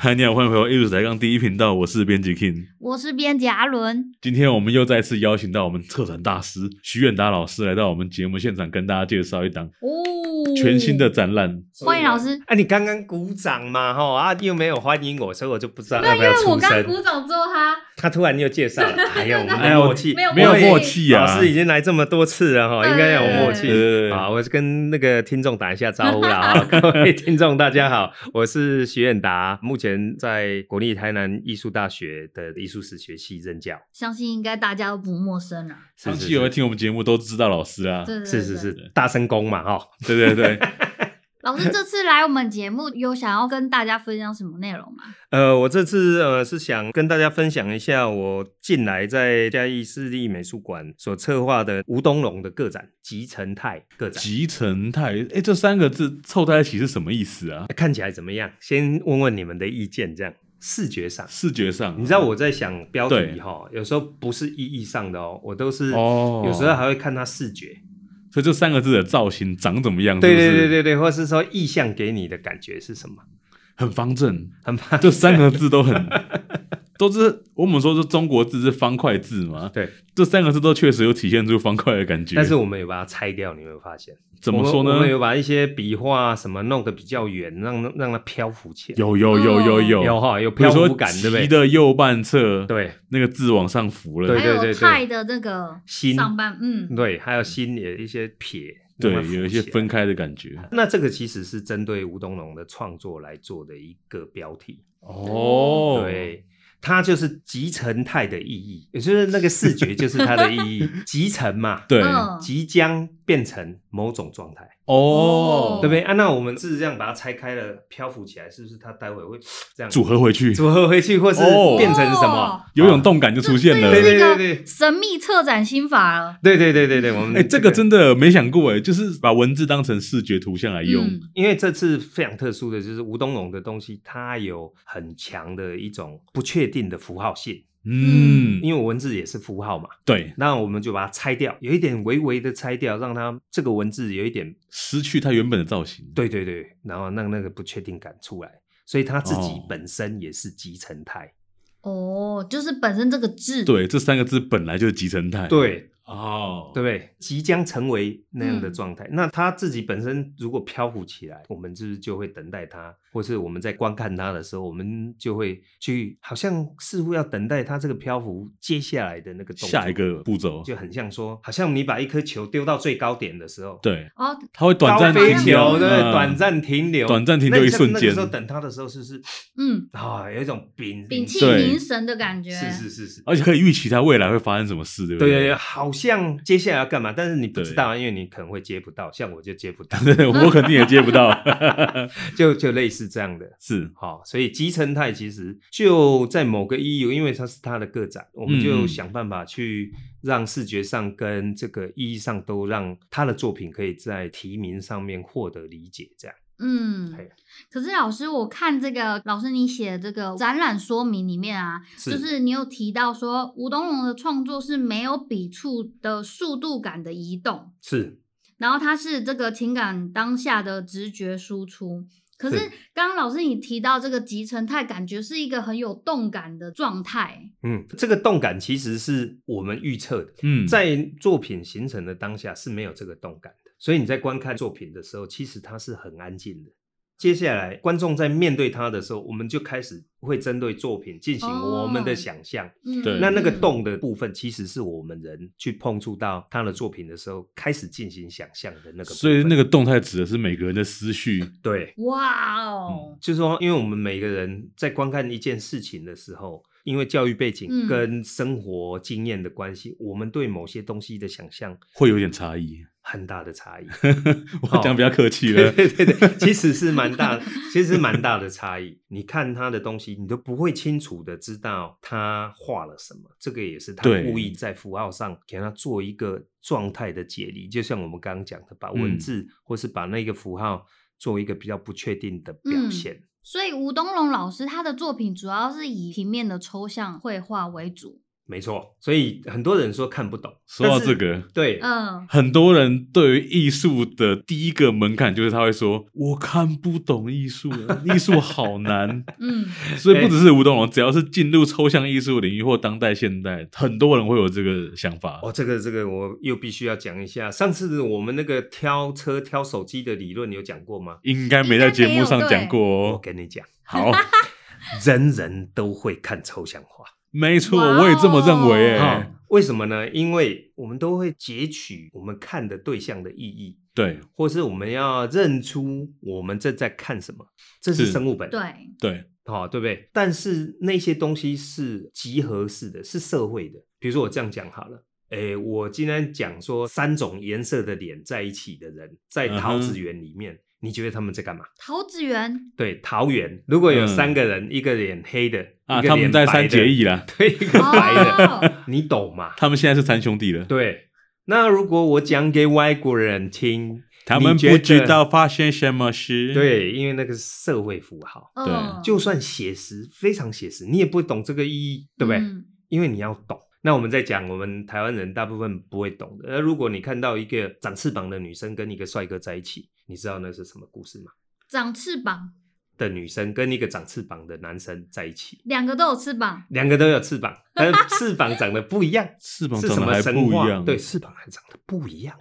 嗨，你好，歡迎回到藝術台港第一頻道，我是編輯 King，我是編輯阿倫，今天我們又再次邀請到我們策展大師許遠達老師來到我們節目現場，跟大家介紹一檔全新的展覽。歡迎老師，哎、啊，你剛剛鼓掌嘛，吼啊，又沒有歡迎我，所以我就不知道該對，因為我剛，剛鼓掌之後他。他突然又介紹，我們沒有默契，沒有默契啊！老師已經來這麼多次了哈，應該要有默契好，我是跟那個聽眾打一下招呼了，各位聽眾大家好，我是徐遠達，目前在國立台南藝術大學的藝術史學系任教，相信應該大家都不陌生了。長期有聽我們節目都知道老師啊，是是是大聲公嘛哈，對對對。 老師這次來我們節目，有想要跟大家分享什麼內容嗎？ 呃，我這次呃是想跟大家分享一下我近來在嘉義市立美術館所策劃的吳東龍的個展《即成態》個展。即成態，哎、欸，這三個字湊在一起是什麼意思啊？看起來怎麼樣？先問問你們的意見，這樣視覺上，視覺上，覺上，你知道我在想標題哈、嗯哦，有時候不是意義上的哦，我都是，哦哦，有時候還會看它視覺。所以這三個字的造型長怎麼樣？對對對對對，是不是？或是說意象給你的感覺是什麼？很方正，很方正，就三個字都很。 都是我們說，是中國字是方塊字嘛？對，這三個字都確實有體現出方塊的感覺。但是我們有把它拆掉，你有沒有發現？怎麼說呢？我們有把一些筆畫什麼弄得比較圓，讓讓它漂浮起來。有有有有有有哈，有漂浮感，奇的右半側，對，那個字往上浮了。對對對，泰的那個心上半，嗯，對，還有心也有一些撇，對，有一些分開的感覺。那這個其實是針對吳東龍的創作來做的一個標題哦，對。它就是即成態的意義，也就是那個視覺就是它的意義， 即成嘛，對，即將變成。某種狀態哦，對不對啊？那我們是這樣把它拆開了，漂浮起來，是不是它待會兒會這樣組合回去？組合回去，或是變成什麼？有一種動感就出現了，對對對對，神秘策展心法了、啊。對對對對對，我們哎、這個欸，這個真的沒想過哎，就是把文字當成視覺圖像來用，嗯、因為這次非常特殊的就是吳東龍的東西，它有很強的一種不確定的符號性。嗯，嗯，因為我文字也是符號嘛。對，那我們就把它拆掉，有一點微微的拆掉，讓它這個文字有一點失去它原本的造型。對對對，然後讓那個不確定感出來，所以它自己本身也是即成態。哦，就是本身這個字，對，這三個字本來就是即成態。對。哦，oh, 對不對？即將成為那樣的狀態。嗯、那他自己本身如果漂浮起來，我們是不是就會等待他？或是我們在觀看他的時候，我們就會去，好像似乎要等待他這個漂浮接下來的那個動作。下一個步驟，就很像說，好像你把一顆球丟到最高點的時候，對，哦，他會短暫停留，飛球對，對，短暫停留，那短暫停留一瞬間。那，那時候等他的時候，是不是嗯，啊、哦，有一種屏屏氣凝神的感覺？是是是是，而且可以預期他未來會發生什麼事，對不對？對對，好。像接下來要幹嘛？但是你不知道，對因為你可能會接不到。像我就接不到， 我肯定也接不到， 就就類似這樣的是哈、嗯。所以即成態其實就在某個意義，因為它是他的個展，我們就想辦法去讓視覺上跟這個意義上都讓他的作品可以在題名上面獲得理解，這樣。嗯，可是老師，我看這個老師你寫的這個展覽說明裡面啊，是就是你有提到說吳東龍的創作是沒有筆觸的速度感的移動，是，然後它是這個情感當下的直覺輸出。可是剛剛老師你提到這個即成態感覺是一個很有動感的狀態，嗯，這個動感其實是我們預測的，嗯，在作品形成的當下是沒有這個動感的。所以你在觀看作品的時候，其實它是很安靜的。接下來，觀眾在面對他的時候，我們就開始會針對作品進行我們的想象。Oh. 對，那那個動的部分，其實是我們人去碰觸到他的作品的時候，開始進行想象的那個。所以那個動態指的是每個人的思緒。對，哇哦 Wow.、嗯，就是說，因為我們每個人在觀看一件事情的時候，因為教育背景跟生活經驗的關係，嗯、我們對某些東西的想象會有點差異。.很大的差異， 我講比較客氣了、哦。對對對，其實是蠻大， 其實是蠻大的差異。你看他的東西，你都不會清楚的知道他畫了什麼。這個也是他故意在符號上給他做一個狀態的解離，對就像我們剛剛講的，把文字或是把那個符號做一個比較不確定的表現。嗯、所以，吳東龍老師他的作品主要是以平面的抽象繪畫為主。沒錯，所以很多人說看不懂。說到這個，對，嗯，很多人對於藝術的第一個門檻就是他會說：“我看不懂藝術，藝術 好難。”嗯，所以不只是吳東龍，欸、只要是進入抽象藝術領域或當代現代，很多人會有這個想法。哦，這個這個，我又必須要講一下。上次我們那個挑車挑手機的理論你有講過嗎？應該沒在節目上講過、哦。我跟你講， 好，人人都會看抽象畫。沒錯，我也這麼認為。Wow. 為什麼呢？因為我們都會截取我們看的對象的意義，對，或是我們要認出我們正在看什麼，這是生物本。對對，好、哦，對不對？但是那些東西是集合式的，是社會的。比如說，我這樣講好了，哎、欸，我今天講說三種顏色的臉在一起的人，在桃子園裡面。Uh huh. 你覺得他們在幹嘛？桃子園，對，桃園，如果有三個人，一個臉黑的，他們在三結義了，對一個白的，你懂嗎？他們現在是三兄弟了。對，那如果我講給外國人聽，他們不知道發生什麼事。對，因為那個是社會符號，對，就算寫實，非常寫實，你也不懂這個意義，對不對？因為你要懂。那我們在講我們台灣人，大部分不會懂的。那如果你看到一個長翅膀的女生跟一個帥哥在一起，你知道那是什麼故事嗎？長翅膀的女生跟一個長翅膀的男生在一起，兩個都有翅膀，兩個都有翅膀，但翅膀長得不一樣。翅膀長得還不一樣，對，翅膀還長得不一樣。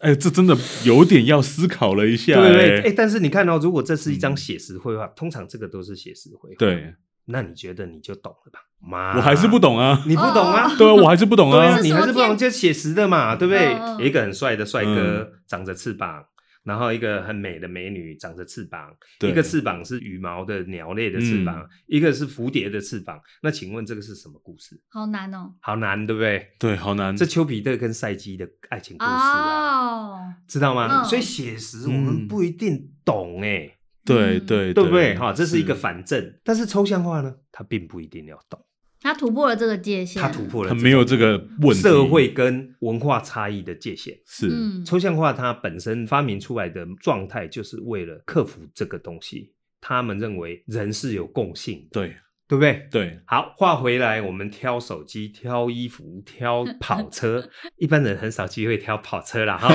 哎，這真的有點要思考了一下。對，哎，但是你看哦，如果這是一張寫實繪畫，通常這個都是寫實繪畫。對，那你覺得你就懂了吧？媽，我還是不懂啊，你不懂啊？對啊，我還是不懂啊，你還是不懂，就寫實的嘛，對不對？有一個很帥的帥哥，長着翅膀。然後一個很美的美女長着翅膀，對一個翅膀是羽毛的鳥類的翅膀，嗯、一個是蝴蝶的翅膀。那請問這個是什麼故事？好難哦，好難，對不對？對，好難。這丘比特跟賽姬的愛情故事啊，哦、知道嗎？嗯、所以寫實我們不一定懂哎，對、嗯、對，對,對,對不對？哈，這是一個反證。是但是抽象化呢，它並不一定要懂。他突破了這個界限，他突破了他沒有這個社會跟文化差異的界限。是，抽象化它本身發明出來的狀態，就是為了克服這個東西。他們認為人是有共性，對對不對？對。好，話回來，我們挑手機、挑衣服、挑跑車，一般人很少機會挑跑車啦。哈。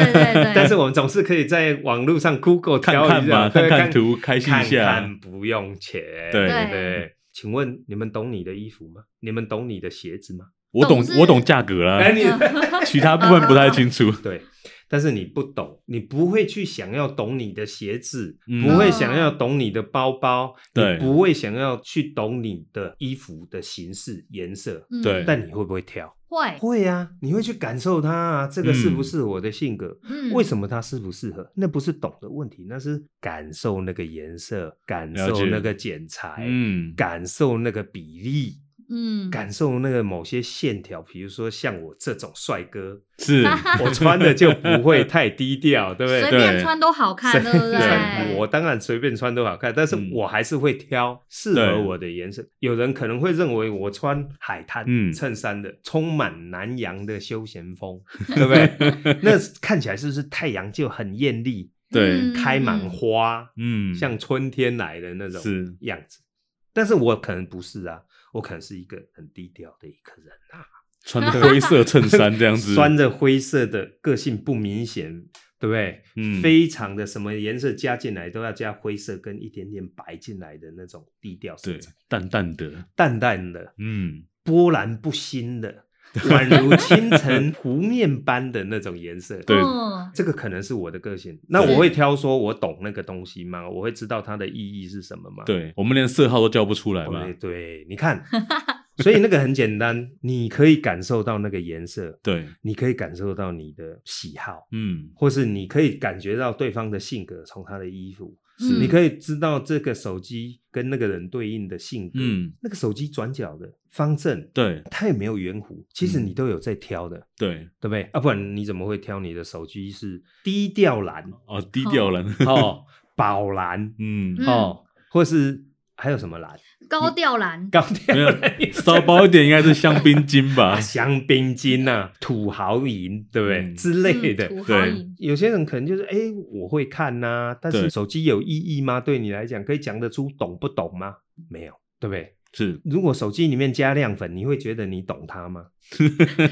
但是我們總是可以在網路上 Google 看看嘛，看看圖，開心一下，不用錢，對對。請問你們懂你的衣服嗎？你們懂你的鞋子嗎？我懂，懂事我懂價格啦、啊。其他部分不太清楚。啊、對，但是你不懂，你不會去想要懂你的鞋子，嗯、不會想要懂你的包包，對，你不會想要去懂你的衣服的形式、顏色。對、嗯，但你會不會挑？會啊，你會去感受它啊，這個是不是我的性格？嗯，為什麼它適不適合？那不是懂的問題，那是感受那個顏色，感受那個剪裁，嗯，感受那個比例。嗯，感受那個某些線條，比如說像我這種帥哥，是我穿的就不會太低調，對不對？隨便穿都好看，對不對？我當然隨便穿都好看，但是我還是會挑適合我的顏色。有人可能會認為我穿海灘襯衫的，充滿南洋的休閒風，對不對？那看起來是不是太陽就很艷麗？對，開滿花，嗯，像春天來的那種樣子。但是我可能不是啊，我可能是一個很低調的一個人啊，穿着灰色襯衫這樣子， 穿着灰色的，個性不明顯，對不對？嗯，非常的什麼顏色加進來都要加灰色跟一點點白進來的那種低調，對，淡淡的，淡淡的，嗯，波瀾不興的。 宛如清晨湖面般的那種顏色，對，這個可能是我的個性。那我會挑說，我懂那個東西嗎？我會知道它的意義是什麼嗎？對，我們連色號都叫不出來嗎？對，對，你看，所以那個很簡單， 你可以感受到那個顏色，對，你可以感受到你的喜好，嗯，或是你可以感覺到對方的性格，從他的衣服。是嗯、你可以知道這個手機跟那個人對應的性格，嗯、那個手機轉角的方正，對，它也沒有圓弧，其實你都有在挑的，嗯、對，對不對？啊，不然你怎麼會挑你的手機是低調藍？哦，低調藍哦，寶藍、哦，欄嗯，哦，嗯、或是。還有什麼藍？高調藍，高調藍。稍薄一點應該是香檳金吧？ 香檳金吶、啊，土豪銀，對不對？嗯、之類的，嗯、對。有些人可能就是，哎、欸，我會看吶、啊，但是你手機有意義嗎？對你來講，可以講得出懂不懂嗎？沒有，對不對？是，如果手機裡面加亮粉，你會覺得你懂它嗎？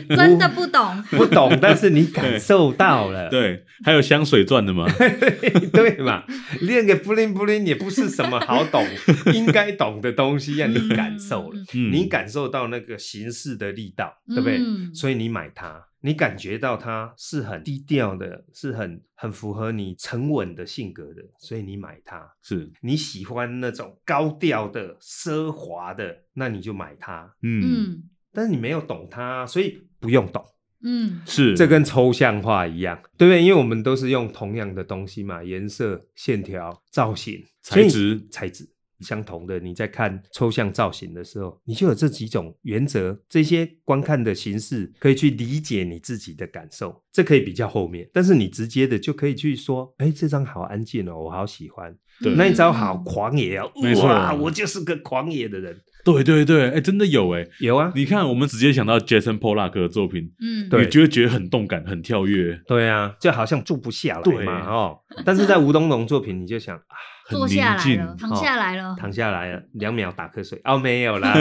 真的不懂 不，不懂。但是你感受到了，對，對。還有香水鑽的嗎？ 對嘛，練 個布靈布靈也不是什麼好懂， 應該懂的東西，啊，讓 你感受了。對你感受到那個形式的力道，對不對？對對，所以你買它。你感覺到它是很低調的，是很很符合你沉穩的性格的，所以你買它。是你喜歡那種高調的、奢華的，那你就買它。嗯，但是你沒有懂它，所以不用懂。嗯，是這跟抽象畫一樣，對不對？因為我們都是用同樣的東西嘛，顏色、線條、造型、材質、材質。相同的，你在看抽象造型的時候，你就有這幾種原則，這些觀看的形式可以去理解你自己的感受，這可以比較後面。但是你直接的就可以去說，哎、欸，這張好安靜哦、喔，我好喜歡；對那一張好狂野哦、喔，嗯、哇沒錯、啊，我就是個狂野的人。對對對，哎、欸，真的有哎、欸，有啊。你看，我們直接想到 Jason Pollock 的作品，嗯，對，你就會覺得很動感、很跳躍，對啊，就好像住不下來嘛，哦對。但是在吳東龍作品，你就想 坐下來了，躺下來了，哦、躺下來了，兩、嗯、秒打瞌睡。哦，沒有啦。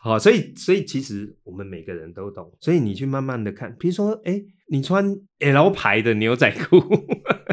好 是、 哦，所以所以其實我們每個人都懂，所以你去慢慢的看，比如說，哎、欸，你穿 L 牌的牛仔褲，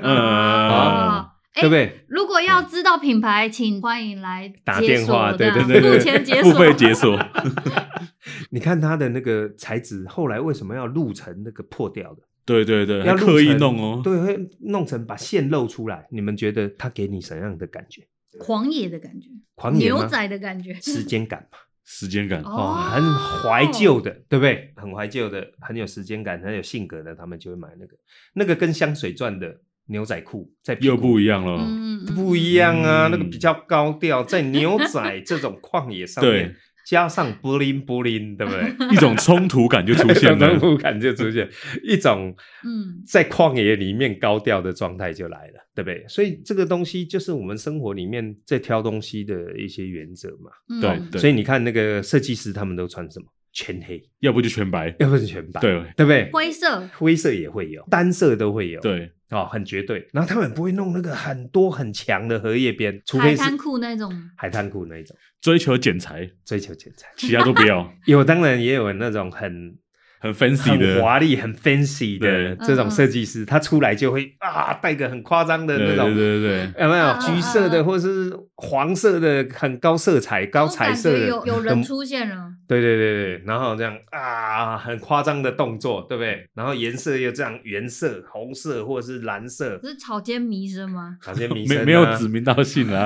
嗯，對不對？欸、如果要知道品牌，嗯、請歡迎來打電話，對對對，對，對，目前解鎖，付費解鎖。 你看他的那個材質，後來為什麼要錄成那個破掉的？對對對，要還刻意弄哦，對，會弄成把線露出來。你們覺得它給你什麼樣的感覺？狂野的感覺，狂野牛仔的感覺，時間感嘛，時間感哦，oh、很懷舊的，對不對？很懷舊的，很有時間感，很有性格的，他們就會買那個，那個跟香水鑽的牛仔褲在又不一樣了，嗯嗯、不一樣啊，那個比較高調，在牛仔這種狂野上面。 對加上布林布林，對不對？一種衝突感就出現了， 一種衝突感就出現，一種嗯，在曠野裡面高調的狀態就來了，對不對？所以這個東西就是我們生活裡面在挑東西的一些原則嘛。對、嗯，所以你看那個設計師他們都穿什麼？全黑，要不就全白，要不就全白，對，對不對？灰色，灰色也會有，單色都會有，對。哦，很絕對，然後他們不會弄那個很多很強的荷葉邊，除非是海灘褲那種，海灘褲那種，追求剪裁，追求剪裁，其他都不要。 有，當然也有那種很。很 fancy 的很華麗，很 fancy 的這種設計師，他出來就會啊，帶個很誇張的那種，對對對，有沒有橘色的或是黃色的，很高色彩、高彩色的。有有人出現了。對對對對，然後這樣啊，很誇張的動作，對不對？然後顏色又這樣，原色紅色或是藍色。是草間彌生嗎？草間彌生沒沒有指名道姓啊，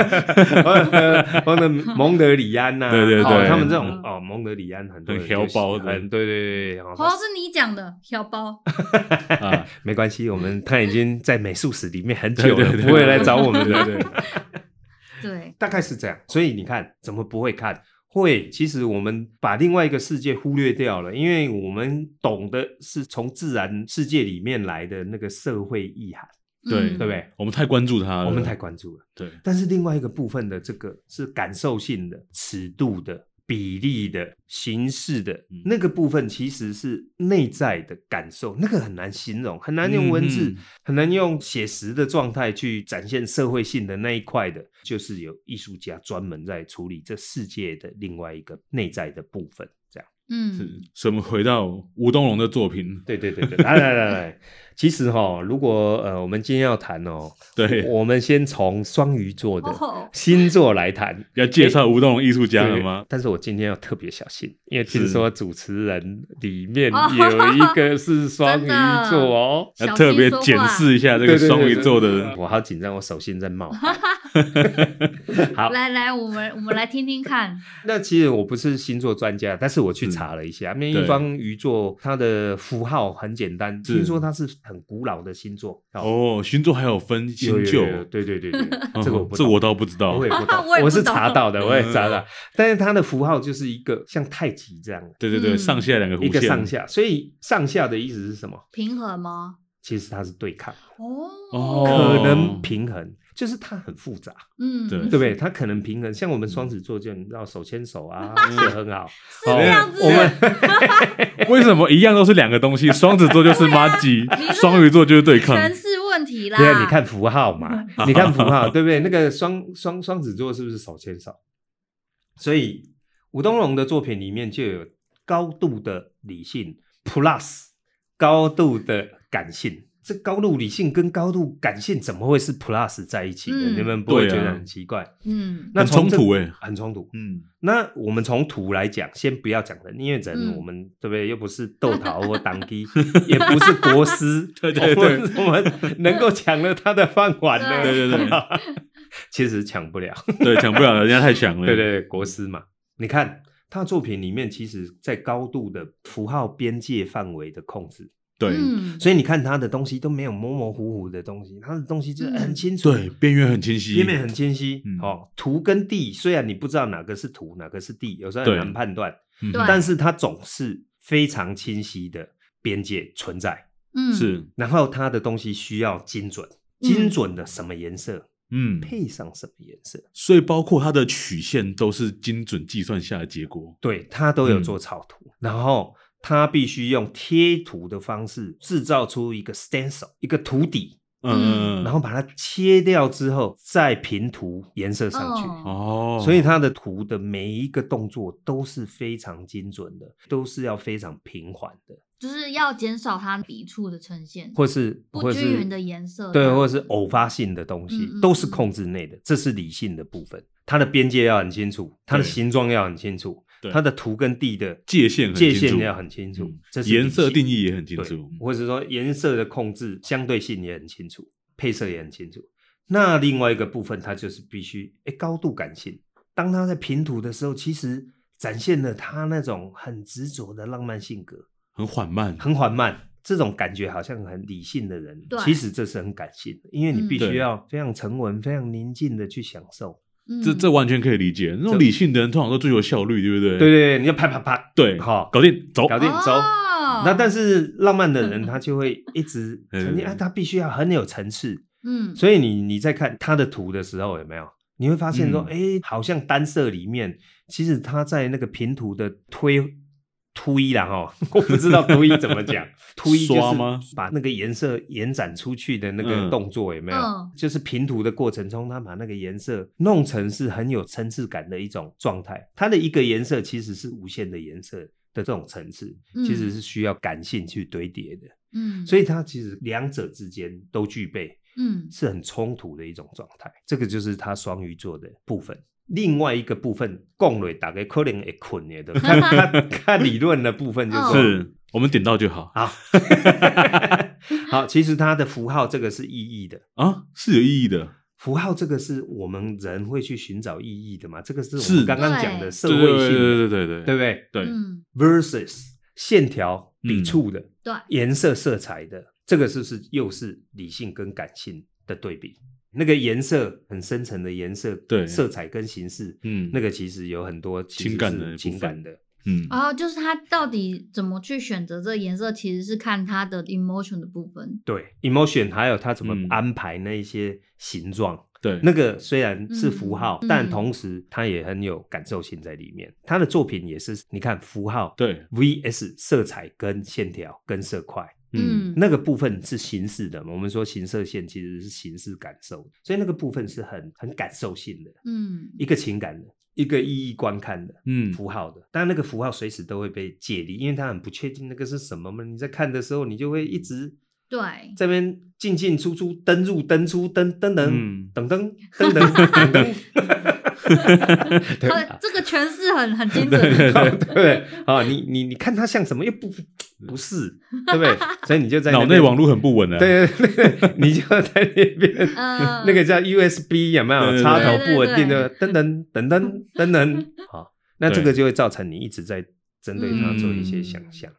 或者蒙德里安吶？對對對，他們這種哦，蒙德里安很多的。很對對對對，然後。包是你講的小包啊， 沒關係，我們他已經在美術史裡面很久了， 對對對對不會來找我們，對不對？對 大概是這樣。所以你看，怎麼不會看？會，其實我們把另外一個世界忽略掉了，因為我們懂得是從自然世界裡面來的那個社會意涵，對對不對？對吧？我們太關注他了，我們太關注了。對，但是另外一個部分的這個是感受性的、尺度的。比例的、形式的、嗯、那個部分，其實是內在的感受，那個很難形容，很難用文字，嗯嗯，很難用寫實的狀態去展現社會性的那一塊的，就是有藝術家專門在處理這世界的另外一個內在的部分，這樣。嗯，什麼？回到吳東龍的作品？ 對對對對，來來來來。其實哈，如果呃，我們今天要談哦，對，我們先從雙魚座的星座來談，哦吼欸、要介紹吳東龍藝術家了嗎？但是我今天要特別小心，因為聽說主持人裡面有一個是雙魚座哦、喔，是 的要特別檢視一下這個雙魚座的人，對對對對對，我好緊張，我手心在冒汗。 好，來來，我們我們來聽聽看。那其實我不是星座專家，但是我去查了一下，面一方魚座它的符號很簡單。聽說它是很古老的星座。哦，星座還有分新舊？對對對對，這個我這我倒不知道。我也不懂，我是查到的，我也查了，但是它的符號就是一個像太極這樣。對對對，上下兩個一個上下，所以上下的意思是什麼？平衡嗎？其實它是對抗。哦，可能平衡。就是它很複雜，嗯，對，對不對？它可能平衡，像我們雙子座就你知道手牽手啊，就、嗯、很好，好，這樣子為什麼一樣都是兩個東西？雙子座就是媽雞， 啊、雙魚座就是對抗，全是問題啦。對、啊，你看符號嘛， 你看符號，對不對？那個雙雙雙子座是不是手牽手？所以吳東龍的作品裡面就有高度的理性 plus 高度的感性。這高度理性跟高度感性怎麼會是 plus 在一起的？你們不會覺得很奇怪？嗯，很衝突哎，很衝突。嗯，那我們從圖來講，先不要講人，因為人我們對不對？又不是豆桃或黨弟，也不是國師，對對對，我們能夠搶了他的飯碗呢？對對對，其實搶不了，對，搶不了，人家太強了。對對，國師嘛，你看他作品裡面，其實在高度的符號邊界範圍的控制。對，嗯、所以你看他的東西都沒有模模糊糊的東西，他的東西就是很清楚，嗯、對，邊緣很清晰，邊緣很清晰。好、嗯哦，圖跟地雖然你不知道哪個是圖，哪個是地，有時候很難判斷，嗯、但是它總是非常清晰的邊界存在，嗯，是。然後他的東西需要精準，精準的什麼顏色，嗯，配上什麼顏色，所以包括它的曲線都是精準計算下的結果，對，他都有做草圖，嗯、然後。他必須用貼圖的方式制造出一個 stencil，一個圖底，嗯，然後把它切掉之後再平塗顏色上去。哦，所以他的圖的每一個動作都是非常精準的，都是要非常平緩的，就是要減少他筆觸的呈現，或是不均勻的顏色，對，或者是偶發性的東西，嗯嗯，都是控制內的，這是理性的部分。它的邊界要很清楚，它的形狀要很清楚。對對它的圖跟地的界限界限要很清楚，嗯、顏色定義也很清楚，或者說顏色的控制相對性也很清楚，配色也很清楚。那另外一個部分，它就是必須誒高度感性。當他在評圖的時候，其實展現了他那種很執着的浪漫性格，很緩慢，很緩慢。這種感覺好像很理性的人，對其實這是很感性的，因為你必須要非常沉穩、非常寧靜的去享受。嗯、這這完全可以理解，那種理性的人通常都追求效率，對不對？對對，對你就啪啪啪，對，好，搞定，走，搞定，走。Oh. 那但是浪漫的人他就會一直，曾經、 嗯哎、他必須要很有層次，嗯、所以你你在看他的圖的時候，有沒有你會發現說，哎、嗯，好像單色裡面，其實他在那個平圖的推。突一了哈，我不知道突一怎麼講， 突一就是把那個顏色延展出去的那個動作有沒有？嗎就是平塗的過程中，他把那個顏色弄成是很有層次感的一種狀態。它的一個顏色其實是無限的顏色的這種層次，其實是需要感性去堆疊的。嗯，所以它其實兩者之間都具備，嗯，是很衝突的一種狀態。這個就是它雙魚座的部分。另外一個部分，共類大概可能會困耶的，看理論的部分就是, 好是，我們點到就好。好， 好，其實它的符號這個是意義的啊，是有意義的。符號這個是我們人會去尋找意義的嘛，這個是我們剛剛講的社會性對對,對對對對對，對不對？Versus 對,線條筆觸的，嗯、對，顏色色彩的，這個是是又是理性跟感性的對比？那個顏色很深沉的顏色，對色彩跟形式，嗯，那個其實有很多情感，情感的，感的嗯，然後、oh, 就是他到底怎麼去選擇這個顏色，其實是看他的 emotion 的部分，對 emotion，還有他怎麼安排那一些形狀，對、嗯、那個雖然是符號，嗯、但同時它也很有感受性在裡面。嗯、他的作品也是，你看符號對 vs 色彩跟線條跟色塊。嗯，那個部分是形式的，我們說形色線其實是形式感受，所以那個部分是很很感受性的，嗯，一個情感的，一個意義觀看的，嗯，符號的，但那個符號隨時都會被解離，因為它很不確定那個是什麼嘛。你在看的時候，你就會一直對這邊進進出出，登入登出，登登登、等等，等等，等等，哈哈哈哈哈。這個詮釋很很精準，對對對啊，你你你看它像什麼又不。不是，對不對？所以你就在腦內、 那個、網絡很不穩呢、啊。對，對對，你就在那邊， 那個叫 USB 有沒有？Uh, 插頭不穩定的，噔噔噔噔噔噔，好，那這個就會造成你一直在針對它做一些想象。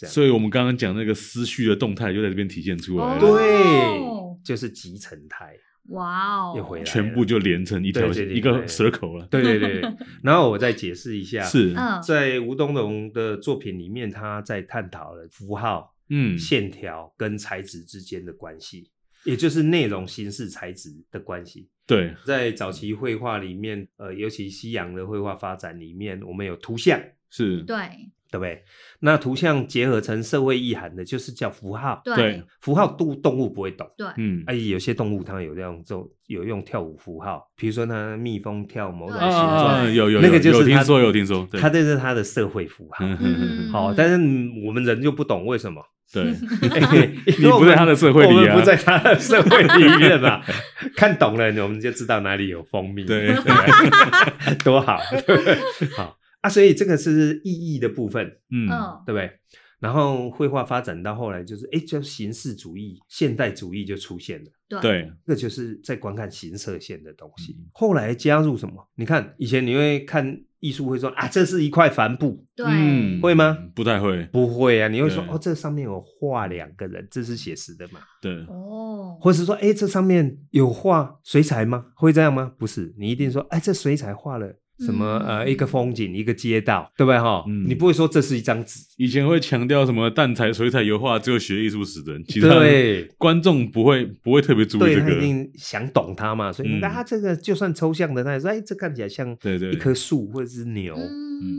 嗯、所以我們剛剛講那個思緒的動態，就在這邊體現出來了。Oh. 對，就是即成態。哇哦！Wow 又回來，全部就連成一條線，一個蛇口了。對對對,對， 然後我再解釋一下 是，是在吳東龍的作品裡面，他在探討了符號、嗯線條跟材質之間的關係，也就是內容、形式、材質的關係。對，在早期繪畫裡面，呃，尤其西洋的繪畫發展裡面，我們有圖像，是對。對不對？那圖像結合成社會意涵的，就是叫符號。對，符號都動物不會懂。對，嗯，哎，有些動物它有這樣做，有用跳舞符號，比如說它蜜蜂跳某種形狀，有有那個，就是聽說有聽說，它這是它的社會符號。好，但是我們人就不懂為什麼。對，你不在它的社會裡啊，我們不在它的社會裡面嘛，看懂了，我們就知道哪裡有蜂蜜，對，多好，好。啊、所以這個是意義的部分，嗯，對不對？然後繪畫發展到後來、就是欸，就是哎，叫形式主義、現代主義就出現了。對，這個就是在觀看形色線的東西。嗯、後來加入什麼？你看以前你會看藝術會說啊，這是一塊帆布，對，嗯、會嗎？不太會，不會啊。你會說對哦，這上面有畫兩個人，這是寫實的嘛？對，哦，或是說哎，這上面有畫水彩嗎？會這樣嗎？不是，你一定說哎、欸，這水彩畫了。什麼呃，一個風景，一個街道，對不對齁？你不會說這是一張紙。以前會強調什麼蛋彩、水彩、油畫，只有學藝術史的人。對，觀眾不會不會特別注意這個。對，他一定想懂它嘛，所以他這個就算抽象的，他也說哎，這看起來像一棵樹或者是牛，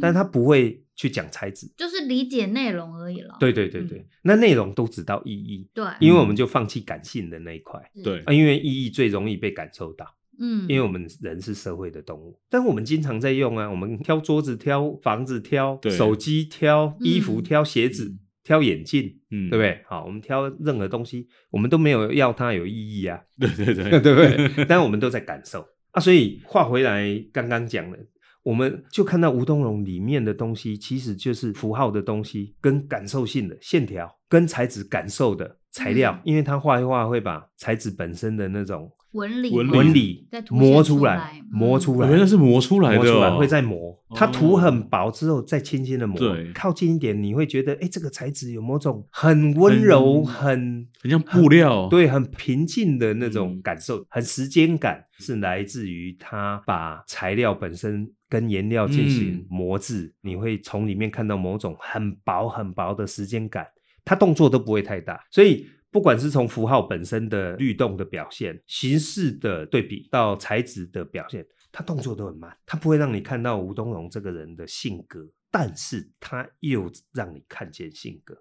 但他不會去講材質，就是理解內容而已了。對對對對，那內容都只到意義。對，因為我們就放棄感性的那一塊。對，啊，因為意義最容易被感受到。嗯，因為我們人是社會的動物，但我們經常在用啊，我們挑桌子挑，、挑房子挑，、挑對手機挑，、挑衣服、挑鞋子、嗯、挑眼鏡，嗯，對不對？好，我們挑任何東西，我們都沒有要它有意義啊，對對對， 對不對？但我們都在感受 啊，所以話回來，剛剛講了，我們就看到吳東龍裡面的東西，其實就是符號的東西跟感受性的線條，跟材質感受的。材料，因為他畫一畫會把材質本身的那種紋理紋理磨出來，磨出來，原來、哦、是磨出來的、哦，磨出來會再磨。他塗、哦、很薄之後再輕輕的磨，對靠近一點你會覺得，哎、欸，這個材質有某種很溫柔、很很，很像布料，對，很平靜的那種感受，嗯、很時間感，是來自於他把材料本身跟顏料進行磨製，嗯、你會從裡面看到某種很薄、很薄的時間感。他動作都不會太大，所以不管是從符號本身的律動的表現、形式的對比到材質的表現，他動作都很慢，他不會讓你看到吳東龍這個人的性格，但是他又讓你看見性格，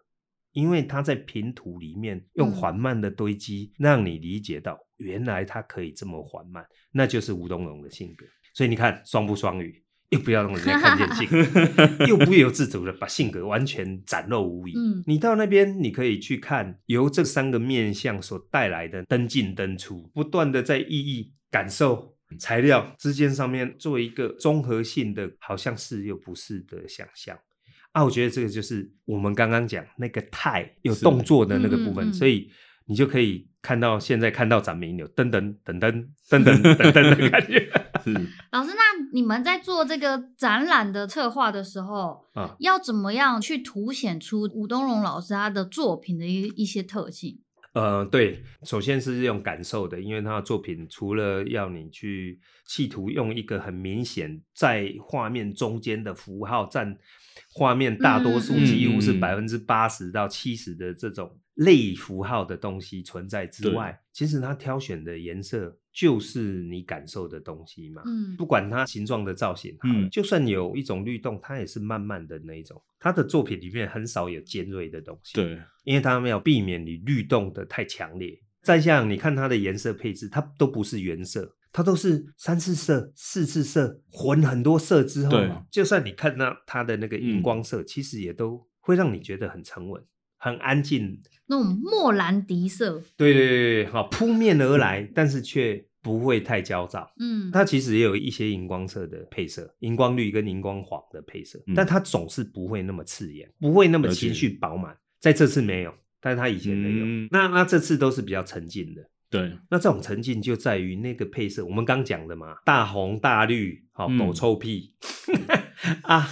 因為他在平塗裡面用緩慢的堆積，讓你理解到原來他可以這麼緩慢，那就是吳東龍的性格。所以你看，雙不雙語。又不要讓人家看見性，又不由自主的把性格完全展露無遺。嗯，你到那邊，你可以去看由這三個面向所帶來的燈進燈出，不斷的在意義、感受、材料之間上面做一個綜合性的好像是又不是的想象。啊，我覺得這個就是我們剛剛講那個態有動作的那個部分，所以你就可以看到現在看到展間有燈燈燈燈燈燈燈燈的感覺。老師，那你們在做這個展覽的策劃的時候，啊、要怎麼樣去凸顯出吳東龍老師他的作品的一一些特性？呃，對，首先是用感受的，因為他的作品除了要你去企圖用一個很明顯在畫面中間的符號占畫面大多數，幾乎是百分之八十到七十的這種類符號的東西存在之外，對其實他挑選的顏色。就是你感受的東西嘛，嗯，不管它形狀的造型好，嗯，就算有一種律動，它也是慢慢的那一種。他的作品裡面很少有尖銳的東西，對，因為它沒有避免你律動的太強烈。再像你看它的顏色配置，它都不是原色，它都是三次色、四次色混很多色之後，對，就算你看到它的那個熒光色，嗯，其實也都會讓你覺得很沉穩、很安靜。那種莫蘭迪色，對對對，好，撲面而來，嗯，但是卻不會太焦躁，嗯，它其實也有一些熒光色的配色，熒光綠跟熒光黃的配色，嗯、但它總是不會那麼刺眼，不會那麼情緒飽滿，且在這次沒有，但是它以前沒有，嗯、那那、啊、這次都是比較沉靜的，對、嗯，那這種沉靜就在於那個配色，我們剛講的嘛，大紅大綠，哈、哦，狗臭屁，嗯、 啊，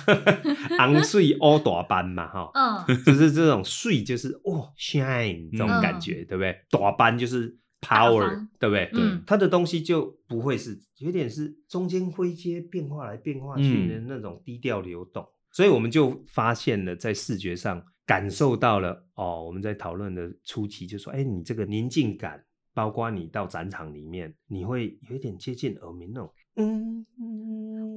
昂睡哦，朵斑嘛，哈、哦，哦、就是這種睡就是哦，shine 這種感覺，嗯哦、對不對？朵斑就是。Power、啊、房對不對？嗯、它的東西就不會，是有點是中間灰階變化來變化去的那種低調流動，嗯、所以我們就發現了在視覺上感受到了哦。我們在討論的初期就說，哎，你這個寧靜感，包括你到展場裡面，你會有一點接近耳鳴那、哦、種，嗯，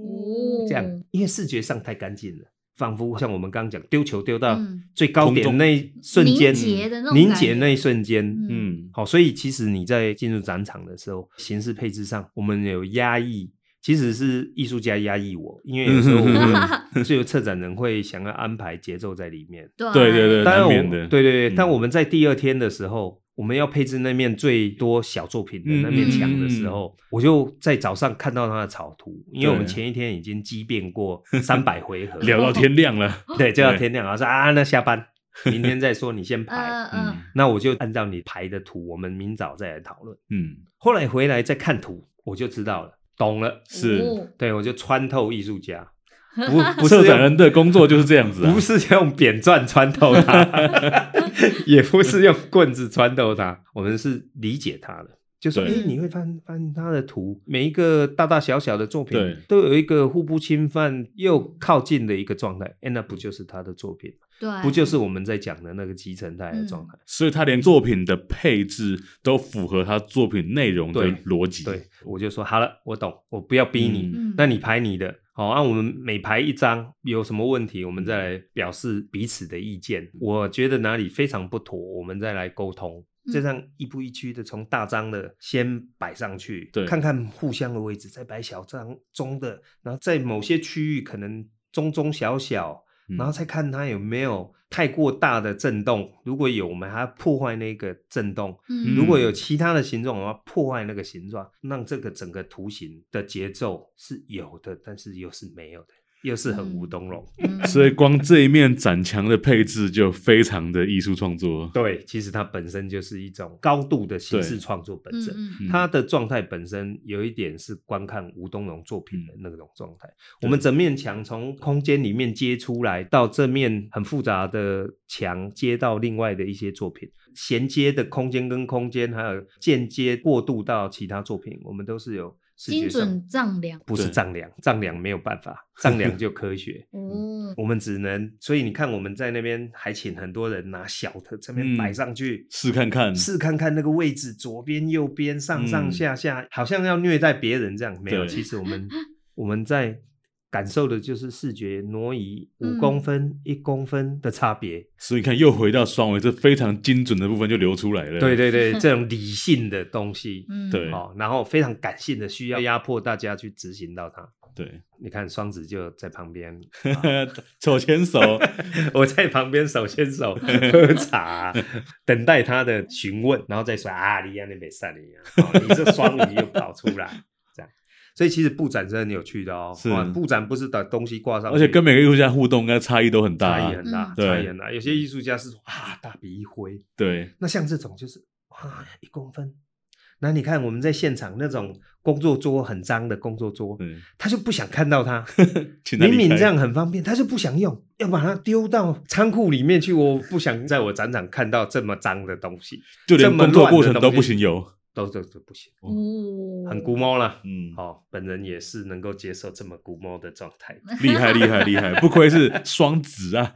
哦、這樣，因為視覺上太乾淨了，仿佛像我們剛剛講丟球丟到最高點的那一瞬間，凝結的那種感覺，那一瞬間，嗯。嗯哦，所以其實你在進入展場的時候，形式配置上，我們有壓抑，其實是藝術家壓抑我，因為有時候我們就有策展人會想要安排節奏在裡面，對對對，難我對對對。但我們在第二天的時候，嗯、我們要配置那面最多小作品的那面牆的時候，嗯嗯嗯嗯我就在早上看到他的草圖，因為我們前一天已經激辯過三百回合，對 聊到天亮了，對，就要天亮，我說對啊，那下班。 明天再說，你先排，嗯，那我就按照你排的圖，我們明早再來討論。嗯，後來回來再看圖，我就知道了，懂了，是，對，我就穿透藝術家， 不，不是，策展人的工作就是這樣子、啊， 不是用扁鑽穿透他， 也不是用棍子穿透他，我們是理解他的，就說、是，哎對、欸，你會翻翻他的圖，每一個大大小小的作品，都有一個互不侵犯又靠近的一個狀態，哎對、欸，那不就是他的作品嗎？對不就是我們在講的那個即成態的狀態？嗯、所以他連作品的配置都符合他作品內容的邏輯。嗯、對,對，我就說好了，我懂，我不要逼你。嗯、那你排你的，好、哦，按、啊、我們每排一張，有什麼問題，我們再來表示彼此的意見。嗯、我覺得哪裡非常不妥，我們再來溝通。就、嗯、這樣，一步一趨的從大張的先擺上去，對、嗯，看看互相的位置，再擺小張中的，然後在某些區域可能中中小小。然後再看它有沒有太過大的震動，如果有，我們還要破壞那個震動；如果有其他的形狀，我們要破壞那個形狀，讓這個整個圖形的節奏是有的，但是又是沒有的。又是很吳東龍，嗯、 所以光這一面展牆的配置就非常的藝術創作。 對，其實它本身就是一種高度的形式創作本身。嗯嗯，它的狀態本身有一點是觀看吳東龍作品的那種狀態。嗯、我們整面牆從空間裡面接出來，對到這面很複雜的牆接到另外的一些作品，銜接的空間跟空間，還有間接過渡到其他作品，我們都是有。精準丈量不是丈量，對丈量沒有辦法，丈量就科學。 嗯，我們只能，所以你看我們在那邊還請很多人拿小的這邊擺上去嗯、試看看，試看看那個位置左邊右邊上上下下，嗯、好像要虐待別人這樣。沒有，對其實我們我們在。感受的就是視覺挪移五公分一、嗯、公分的差別，所以你看又回到雙尾，這非常精準的部分就流出來了。對對對，嗯、這種理性的東西，對、嗯，好、喔，然後非常感性的需要壓迫大家去執行到它。對，你看雙子就在旁邊，手牽手， 我在旁邊手牽手喝茶、啊， 等待他的詢問，然後再說啊，你那邊誰呀？你這雙魚又跑出來。 所以其實布展是很有趣的哦。是、啊，布展不是把東西掛上去，而且跟每個藝術家互動，應該差異都很大、啊，差異很大，差異很大。有些藝術家是說啊，大筆一揮，對。那像這種就是哇，一公分。那你看我們在現場那種工作桌很髒的工作桌，對他就不想看到它。 明明這樣很方便，他就不想用，要把它丟到倉庫裡面去。我不想在我展場看到這麼髒的東西，就連工作過程都不行有，都，都都都不行。哦很孤貓了，嗯，好、哦，本人也是能夠接受這麼孤貓的狀態，厲害厲害厲害，不愧是雙子啊，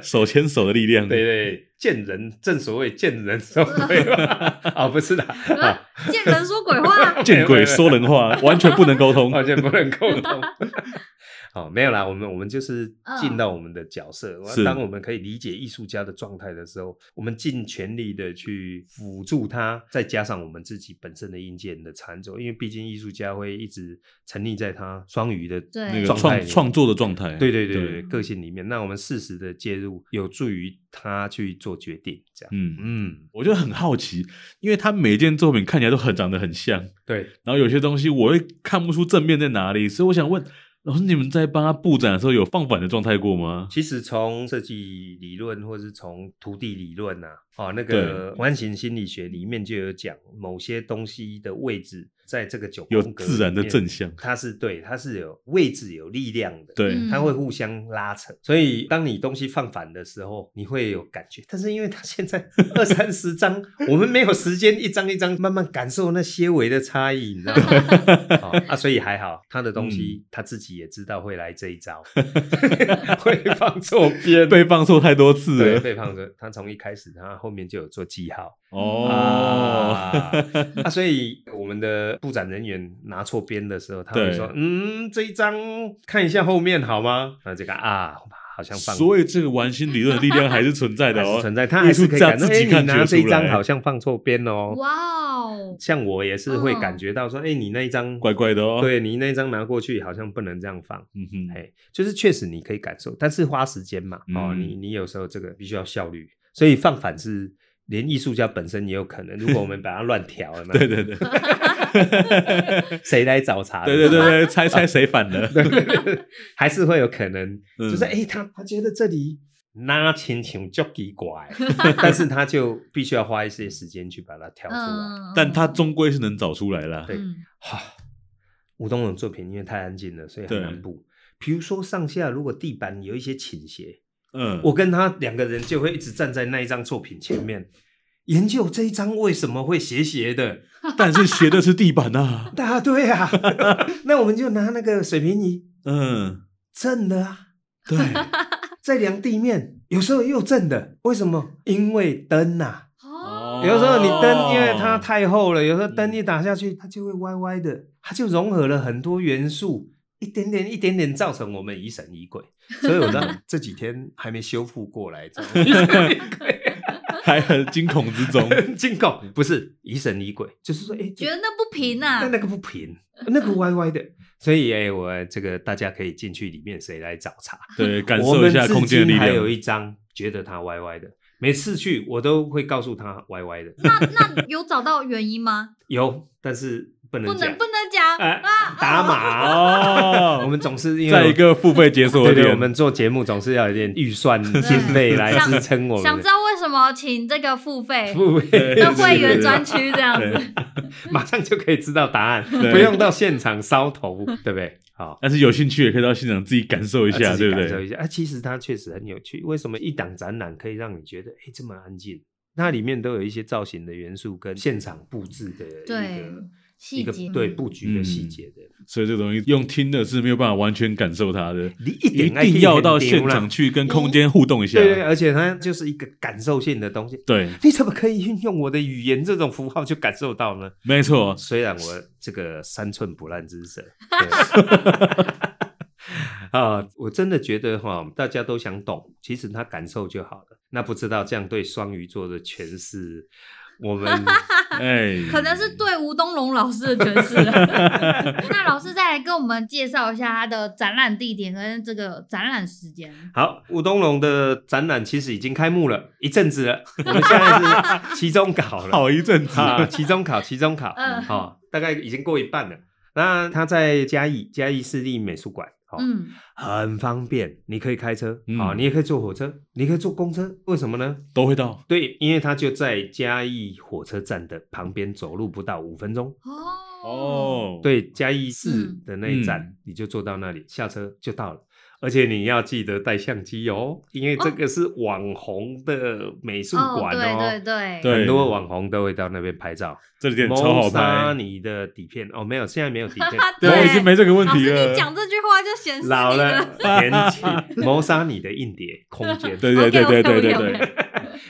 手牽手的力量， 對、對對，見人正所謂見人說鬼話啊，不是的啊，見人說鬼話，啊、見鬼說人話， 完全不能溝通，完全不能溝通。 哦，沒有啦，我們我們就是進到我們的角色。Oh. 當我們可以理解藝術家的狀態的時候，是我們盡全力的去輔助他，再加上我們自己本身的硬件的參與，因為畢竟藝術家會一直沉溺在他雙魚的那個創創對作的狀態。對對對對，對個性裡面，那我們適時的介入，有助於他去做決定。這樣，嗯嗯，嗯，我就很好奇，因為他每件作品看起來都很長得很像。對，然後有些東西我會看不出正面在哪裡，所以我想問。老師，你們在幫他布展的時候有放緩的狀態過嗎？其實從設計理論，或是從土地理論吶、啊，哦、啊，那個完形心理學裡面就有講某些東西的位置。在這個九宮格，有自然的正向，它是對，它是有位置有力量的，對，嗯、它會互相拉扯。所以當你東西放反的時候，你會有感覺。但是因為它現在二三十張， 我們沒有時間一張一張慢慢感受那些微的差異，你知道嗎、？ 哦？啊，所以還好，他的東西、嗯、他自己也知道會來這一招， 會放錯邊，被放錯太多次了，對被放錯。他從一開始，他後面就有做記號哦，啊， 啊，所以我們的。布展人員拿錯邊的時候，他會說：“嗯，這一張看一下後面好嗎？”然後，這個啊，好像放……所以這個玩心理論的力量還是存在的哦，存在。他還是可以自己感覺這一張好像放錯邊哦。哇哦！像我也是會感覺到說：“哎，你那一張怪怪的哦。”對，你那一張拿過去好像不能這樣放。嗯哼，哎，就是確實你可以感受，但是花時間嘛。哦，你你有時候這個必須要效率，所以放反是連藝術家本身也有可能。如果我們把它亂調了，對對對。誰 來找茬的？對對對對，猜猜誰反了？ 啊、對，對，對，還是會有可能， 嗯、就是哎、欸，他他覺得這裡那輕輕就給乖，琴琴 但是他就必須要花一些時間去把它挑出來，嗯、但他終歸是能找出來了。嗯、對，好，吳東龍作品因為太安靜了，所以很難補。比對如說上下如果地板有一些傾斜，嗯，我跟他兩個人就會一直站在那一張作品前面。研究這一張為什麼會斜斜的， 但是斜的是地板吶。對啊， 那我們就拿那個水平儀，嗯，正的啊。對， 在量地面，有時候又正的，為什麼？因為燈吶、啊。哦。有時候你燈，因為它太厚了，有時候燈一打下去，嗯、它就會歪歪的，它就融合了很多元素，一點點、一點點造成我們疑神疑鬼。所以我讓 這幾天還沒修復過來。 還很驚恐之中，驚 恐不是疑神疑鬼，就是說，哎、欸，覺得那不平吶、啊，那那個不平，那個歪歪的，所以哎、欸，我這個大家可以進去裡面，誰來找茬？對，感受一下空間力量。我們還有一張覺得它歪歪的，每次去我都會告訴他歪歪的。那那有找到原因嗎？ 有，但是。不能講， 不能講，啊、打碼、喔。 我們總是在一個付費結束，對不對？我們做節目總是要有點預算之類來支撐我們。 想,我們想知道為什麼請這個付費？付費的會員專區這樣子， 馬上就可以知道答案，不用到現場燒頭，對不對？好， 但是有興趣也可以到現場自己感受一下， 啊、一下 對不對？哎、啊啊，其實它確實很有趣。為什麼一檔展覽可以讓你覺得哎、欸、這麼安靜？它裡面都有一些造型的元素跟現場布置的，對。細節對布局的細節的、嗯，所以這東西用聽的是沒有辦法完全感受它的，你一定，一定要到現場去跟空間互動一下。對、欸、對，而且它就是一個感受性的東西。對，你怎麼可以運用我的語言這種符號去感受到呢？沒錯，雖然我這個三寸不爛之舌，對 啊，我真的覺得哈，大家都想懂，其實他感受就好了。那不知道這樣對雙魚座的詮釋。我們哎， 可能是對吳東龍老師的詮釋。 那老師再來跟我們介紹一下他的展覽地點跟這個展覽時間。好，吳東龍的展覽其實已經開幕了一陣子了， 我們現在是期中考了，哦，一陣子啊， 期中考，期中考，好，大概已經過一半了。那他在嘉義，嘉義市立美術館。嗯，很方便，你可以開車，啊、嗯哦，你也可以坐火車，你也可以坐公車，為什麼呢？都會到，對，因為它就在嘉義火車站的旁邊，走路不到五分鐘。哦，哦，對，嘉義市的那一站，是你就坐到那裡，嗯、下車就到了。而且你要記得帶相機哦，因為這個是網紅的美術館哦，對對對，很多網紅都會到那邊拍照，這裡點超好拍。謀殺你的底片哦，沒有，現在沒有底片，我 對、哦、已經沒這個問題了。老師，你講這句話就顯老了，年紀謀殺你的硬碟空間，對對對對對對對。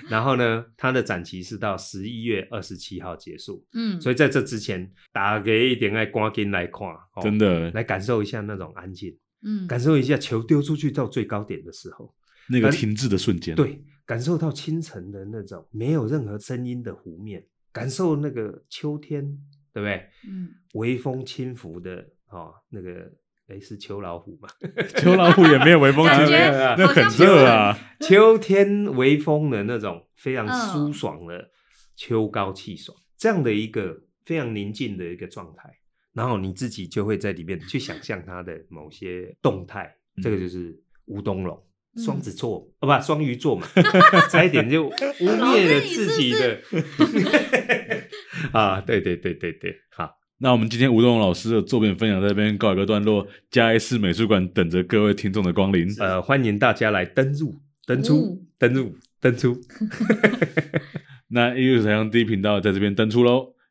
然後呢，它的展期是到十一月二十七號結束，嗯，所以在這之前，大家一定要趕緊來看，哦、真的，來感受一下那種安靜。嗯，感受一下球丟出去到最高點的時候，那個停滯的瞬間。對，感受到清晨的那種沒有任何聲音的湖面，感受那個秋天，對不對？嗯，微風輕拂的哦，那個哎是秋老虎嘛？ 秋老虎也沒有微風， 感覺那很熱啊。秋， 秋天微風的那種非常舒爽的秋高氣爽，哦，這樣的一個非常寧靜的一個狀態。然後你自己就會在裡面去想象他的某些動態，嗯、這個就是吳東龍，雙子座、嗯、哦不雙魚座嘛，差 一點就污衊了自己的。己是是 啊對對對對對，好，那我們今天吳東龍老師的作品分享在這邊告一個段落，嘉義市美術館等着各位聽眾的光臨，是呃歡迎大家來登入、登出、登入、嗯、登出，那 YouTube 第一頻道在這邊登出嘍。